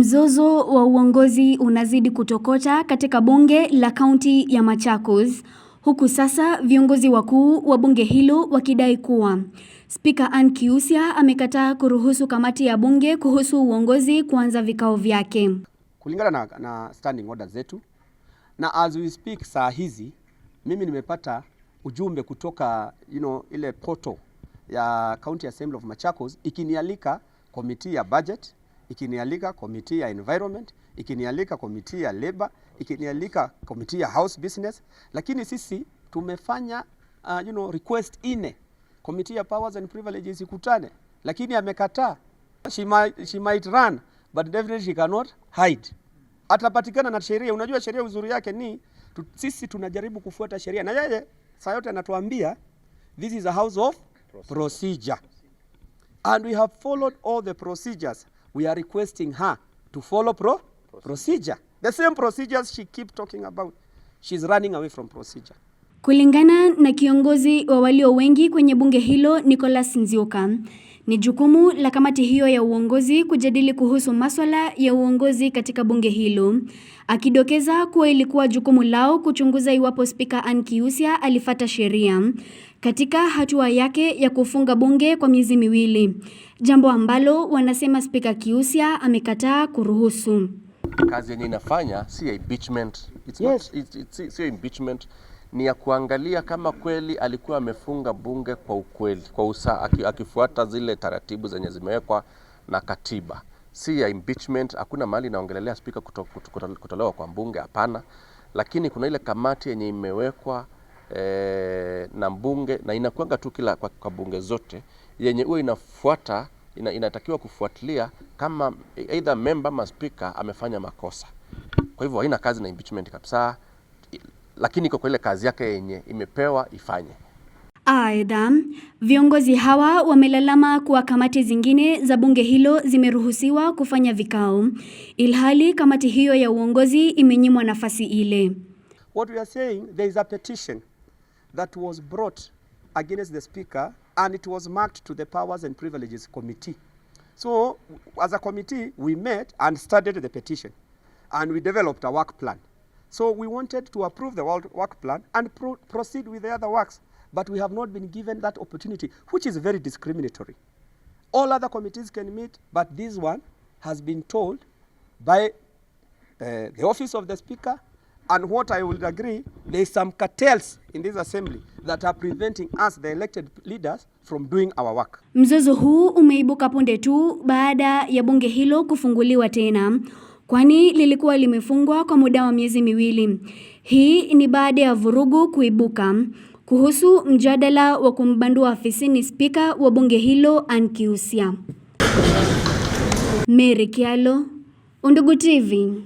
Mzozo wa uongozi unazidi kutokota katika bunge la kaunti ya Machakos huku sasa viongozi wakuu wa bunge hilo wakidai kuwa Spika Ann Kiusya amekataa kuruhusu kamati ya bunge kuhusu uongozi kuanza vikao vyake kulingana na, na standing order zetu, na as we speak saa hizi mimi nimepata ujumbe kutoka you know, ile poto ya County Assembly of Machakos ikinialika komiti ya budget ikinialika komiti ya environment, ikinialika komiti ya labor, ikinialika komiti ya house business, lakini sisi tumefanya uh, you know, request ine komiti ya powers and privileges ikutane, lakini amekataa. She might, she might run but definitely she cannot hide. Atapatikana na sheria. Unajua sheria uzuri yake ni tu, sisi tunajaribu kufuata sheria na yeye saa yote anatuambia this is a house of procedure. procedure and we have followed all the procedures we are requesting her to follow pro procedure. procedure the same procedures she keep talking about she's running away from procedure Kulingana na kiongozi wa walio wengi kwenye bunge hilo Nicholas Nzioka, ni jukumu la kamati hiyo ya uongozi kujadili kuhusu maswala ya uongozi katika bunge hilo, akidokeza kuwa ilikuwa jukumu lao kuchunguza iwapo Spika Ann Kiusya alifata sheria katika hatua yake ya kufunga bunge kwa miezi miwili, jambo ambalo wanasema Spika Kiusya amekataa kuruhusu. Kazi yenye inafanya si impeachment. It's yes. not, it's, it's, it's, it's impeachment ni ya kuangalia kama kweli alikuwa amefunga bunge kwa ukweli, kwa usa, akifuata zile taratibu zenye zimewekwa na katiba, si ya impeachment. Hakuna mahali inaongelelea spika kuto, kuto, kuto, kutolewa kwa bunge, hapana. Lakini kuna ile kamati yenye imewekwa e, na bunge na inakuanga tu kila kwa, kwa bunge zote yenye huwa inafuata ina, inatakiwa kufuatilia kama either member ama spika amefanya makosa. Kwa hivyo haina kazi na impeachment kabisa lakini iko kwa ile kazi yake yenye imepewa ifanye. Aidha, viongozi hawa wamelalama kuwa kamati zingine za bunge hilo zimeruhusiwa kufanya vikao, ilhali kamati hiyo ya uongozi imenyimwa nafasi ile. What we are saying, there is a petition that was brought against the speaker and it was marked to the powers and privileges committee. So as a committee, we met and studied the petition and we developed a work plan. So we wanted to approve the world work plan and pro proceed with the other works, but we have not been given that opportunity, which is very discriminatory. All other committees can meet, but this one has been told by uh, the office of the speaker and what I would agree, there is some cartels in this assembly that are preventing us the elected leaders from doing our work. Mzozo huu umeibuka punde tu baada ya bunge hilo kufunguliwa tena kwani lilikuwa limefungwa kwa muda wa miezi miwili. Hii ni baada ya vurugu kuibuka kuhusu mjadala wa kumbandua afisini spika wa bunge hilo Ann Kiusya. Mary Kyallo, Undugu TV.